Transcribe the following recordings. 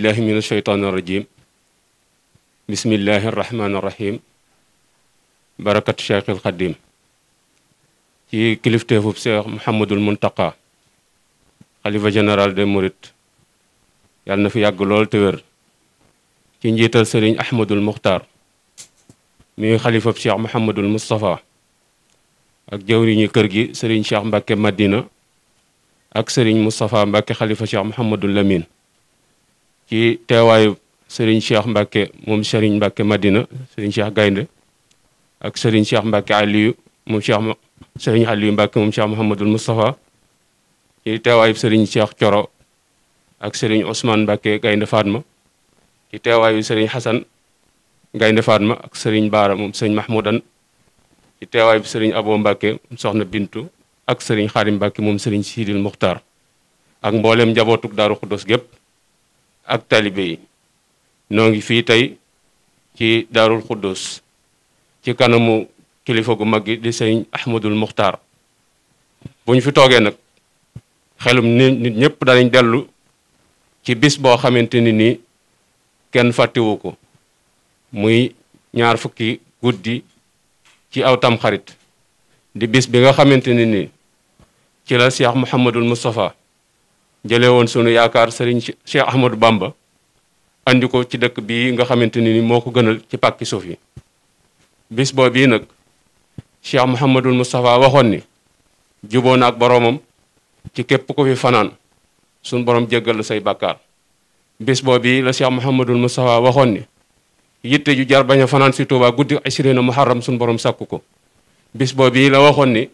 billahi min asheytaan irrajim bismillahi irrahmani irrahim barakat cheikhil xadim ci kilifteefub cheikh mouhamadul muntaka xalifa général des mourides yàlla na fi yàgg lool te ci njiital sëriñ ahmadul muxtaar mi xalifab cheikh mouhamadul moustapha ak ñu kër gi sëriñ cheikh mbàkke madina ak sëriñ moustapha mbàkke xalifa cheikh mouhamadul lamin ci teewaayu Serigne Cheikh Mbacke moom Serigne Mbacke Madina Serigne Cheikh Gaynde ak Serigne Cheikh Mbacke Aliou moom Cheikh Serigne Aliou Mbacke moom Cheikh Mouhamadul Moustapha ci teewaayu Serigne Coro ak Serigne Ousmane Mbacke Gaynde Fatma ci teewaayu Serigne Hassan Gaynde Fatma ak Serigne Baara moom Serigne Mahmoudan ci teewaayu Serigne Abo Mbacke soxna Bintu ak Serigne Xaadim Mbacke moom Serigne Sidil Muxtaar ak mboolem njabootuk Daaru Xuddos gépp ak talibe yi noo ngi fii tey ci daarul xuddus ci kanamu kilifa gu mag gi di sëñ ahmadul muxtaar bu ñu fi toogee nag xelum nit ñëpp danañ dellu ci bis boo xamante ni nii kenn fàttewu ko muy ñaar fukki guddi ci aw tamxarit di bis bi nga xamante ni nii ci la Cheikh Mouhamadul Moustapha jëlee woon sunu yaakaar sëriñ Cheikh Ahmadou Bamba andi ko ci dëkk bii nga xamante ne ni moo ko gënal ci pàkki suuf yi bis bii nag Cheikh Mouhamadul Moustapha waxoon ni juboo na ak boroomam ci képp ku fi fanaan sunu borom jéggal la say bàkkaar bis boo bii la Cheikh Mouhamadul Moustapha waxoon ni yitte ju jar bañ a fanaan si Tuubaa guddi asirina muharram sunu boroom sakku ko bisboo bii la waxoon ni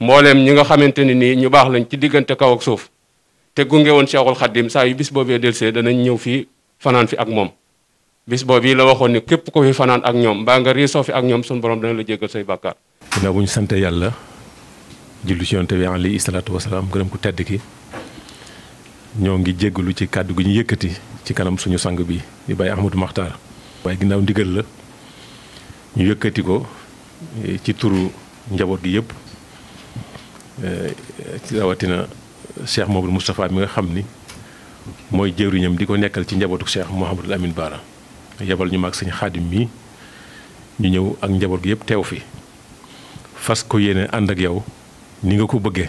mbooleem ñi nga xamante ne nii ñu baax lañ ci diggante kaw ak suuf te gunge woon Cheikhul Khadim saa yu bis boobee delsee danañ ñëw fii fanaan fi ak moom bis boobu la waxoon ni képp ko fi fanaan ak ñoom mbaa nga riisoo fi ak ñoom suñu borom dana la jéggal say bàkkaar. ginnaaw bu ñu sant yàlla jullu ci yonte bi alayhi salaatu wasalaam gërëm ku tedd ki ñoo ngi jéggalu ci kàddu gi ñu yëkkati ci kanam suñu sang bi di bàyyi Ahmadou Makhtar. waaye ginnaaw ndigal la ñu yëkkati ko eh, ci turu njaboot gi yëpp ci eh, rawatina. cheikh Mamadou Moustapha mi nga xam ni mooy jëwriñam di ko nekkal ci njabootu cheikh Mouhamadul Amin Baara yebal ñu mag sëñ xaadim mii ñu ñëw ak njaboot gi yëpp teew fi fas ko yéene ànd ak yow ni nga ko bëggee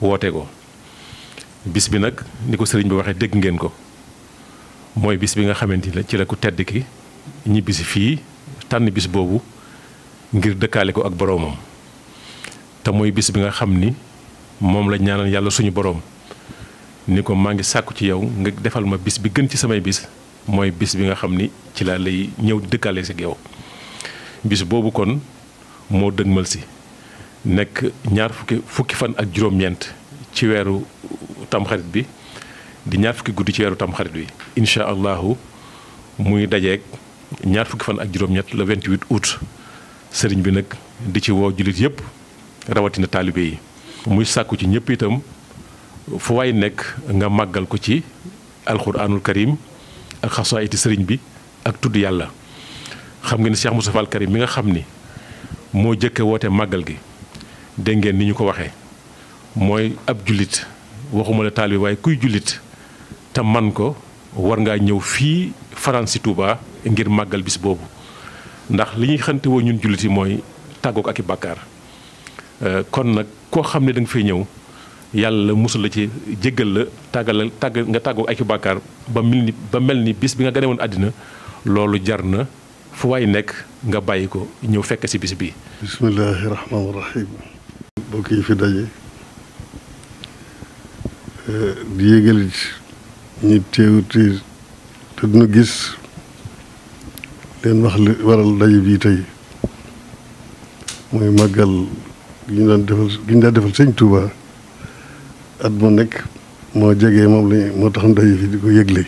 woote ko bis bi nag ni ko sëriñ bi waxee dégg ngeen ko mooy bis bi nga xamante ne ci la ku tedd ki ñibbisi fii tànn bis boobu ngir dëkkaale ko ak boroomam te mooy bis bi nga xam ni moom la ñaanal yàlla suñu boroom ni ko maa ngi sàkku ci yow nga defal ma bis bi gën ci samay bis mooy bis bi nga xam ni ci laa lay ñëw dëkkaale si yow bis boobu kon moo dëgmal si nekk ñaar fukki fan ak juróom-ñeent ci weeru tamxarit bi di ñaar fukki guddi ci weeru tamxarit bi incha allahu muy dajeeg ñaar fukki fan ak juróom la le 28 août sëriñ bi nag di ci woo jullit yëpp rawatina taalibe yi. muy sàkku ci ñëpp itam fu waay nekk nga màggal ko ci alxuraanul karim ak xasaayiti sëriñ bi ak tudd yàlla xam ngeen Cheikh mu al Karim mi nga xam ni moo jëkke woote màggal gi dégg ngeen ni ñu ko waxee mooy ab jullit waxuma la taalibe waaye kuy jullit te man ko war ngaa ñëw fii fanaan si Touba ngir màggal bi si boobu ndax li ñuy xante woo ñun jullit yi mooy tàggoog ak i bàkkaar euh, kon nag koo xam ne danga nga ñëw yàlla musul la ci jéggal la tàggal tàgg nga tàggoo ak i ba mel ni mel ni bis bi nga gane woon àddina loolu jar na fu waay nekk nga bàyyi ko ñëw fekk si bis bi. bismillaahi rahmaani rahiim. mbokk yi fi daje eh, di yëgal ñi teew te te gis leen wax li waral daje bii tey muy màggal. gi ñu daan defal gi ñu daan defal sëñ Touba at mu nekk moo jege moom lañ moo tax ndaje fi di ko yëgle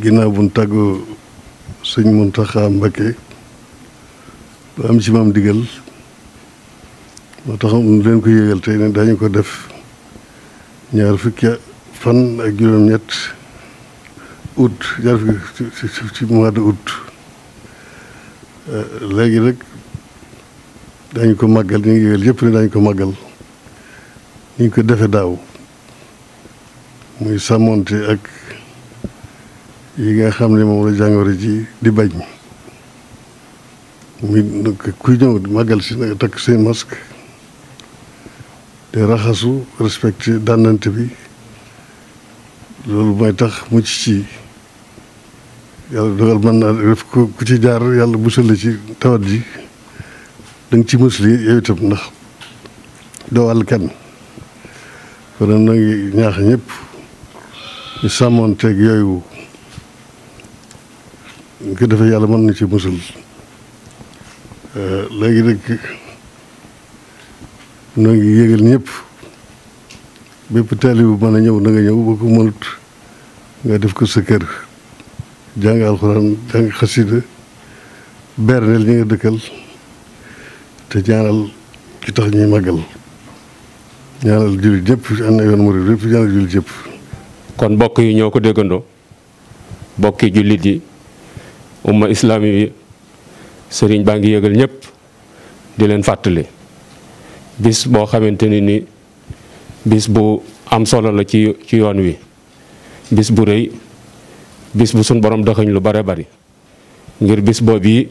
ginnaaw bu ñu sëñ Mountakha Mbacké ba am ci maam digal moo tax ñu leen ko yëgal ko def ñaar fukki fan ci mois de août euh, léegi rekk dañu ko màggal ñu yëpp ne dañu ko màggal ñu ngi ko defe daaw muy sàmmonte ak yi nga xam ne moom la jàngoro ji di bañ muy ku ñëw màggal si nag takk seen masque te raxasu respecté dànnante bi loolu may tax mucc ci yàlla dogal mën naa def ku ci jaar yàlla musal la ci tawat ji danga nga ci musli yow itam ndax doo wàll kenn kon ngi ñaax ñëpp ñu sàmmoonteeg yooyu ñu ko defee yàlla mën na ci musul euh, léegi nag noo ngi yëgal ñëpp bépp taalibu mën a ñëw na ñëw boo ko mënut nga def ko sa kër jàng alxuraan jàng xasida berneel ñi nga dëkkal te ñaanal ci tax ñuy màggal ñaanal jullit yëpp na yoon murid yëpp kon mbokk yi ñoo ko déggandoo mbokki jullit yi umma islaami yi sëriñ baa ngi yëgal ñëpp di leen fàttali bis boo xamante ni ni bis bu am solo la ci ci yoon wi bis bu rëy bis bu suñ borom doxañ lu bare bari ngir bis boobu yi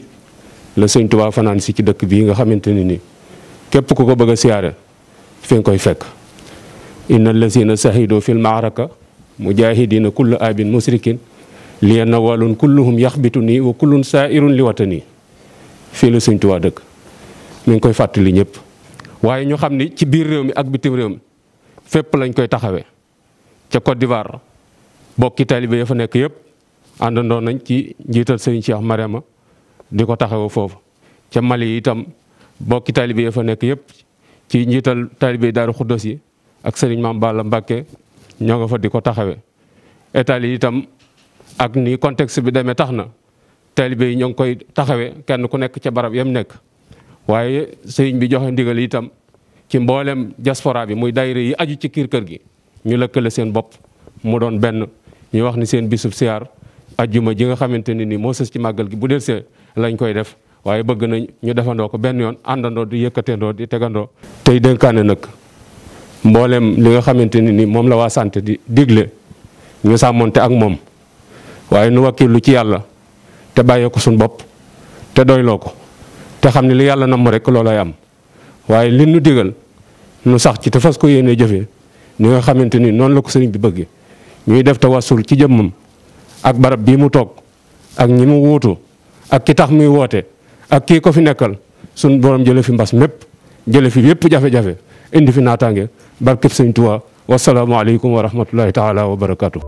la sëñ Tuubaa fanaan si ci dëkk bii nga xamante ne ni képp ku ko bëgg a siyaare fi nga koy fekk inna allazina sahidu fil maaraka mujahidina kullu abin musrikin li na walun kulluhum yaxbitu nii wa kullun saairun li watani fii la sëñ Tuubaa dëkk mu ngi koy fàttali ñëpp waaye ñu xam ni ci biir réew mi ak bitim réew mi fépp lañ koy taxawe ca Côte d'Ivoire bokki taalibe ya fa nekk yëpp àndandoo nañ ci njiital sëñ Cheikh Mariama di ko taxawoo foofu ca Mali itam bokki taalibe fa nekk yëpp ci njiital taalibe Daaru Xuddos yi ak sëriñ Maam Balla Mbàkke ñoo nga fa di ko taxawee Italie itam ak ni contexte bi demee tax na taalibe yi ñoo ngi koy taxawee kenn ku nekk ca barab yam nekk waaye sëriñ bi joxe ndigal itam ci mboolem diaspora bi muy daayira yi aju ci kiir kër gi ñu lëkkale seen bopp mu doon benn ñu wax ni seen bisub siyaar ajjuma ji nga xamante ni nii moo sës ci màggal gi bu delsee lañ koy def waaye bëgg nañ ñu defandoo ko benn yoon àndandoo di yëkkateendoo di tegandoo. tey dënkaane nag mboolem li nga xamante ne ni moom la waa santé di digle ñu sàmmonte ak moom waaye nu lu ci yàlla te bàyyee ko suñu bopp te doyloo ko te xam ne li yàlla namm rek loolay am waaye li nu digal nu sax ci te fas ko yéenee jëfee ni nga xamante ni noonu la ko sëriñ bi bëggee ñuy def tawasul ci jëmmam ak barab bii mu toog ak ñi mu wuutu. ak ki tax muy woote ak kii ko fi nekkal suñ borom jële fi mbas mépp jële fi yépp jafe-jafe indi fi naataange barkeb sëñ Tuubaa wasalaamualeykum wa rahmatullahi taala wa barakatu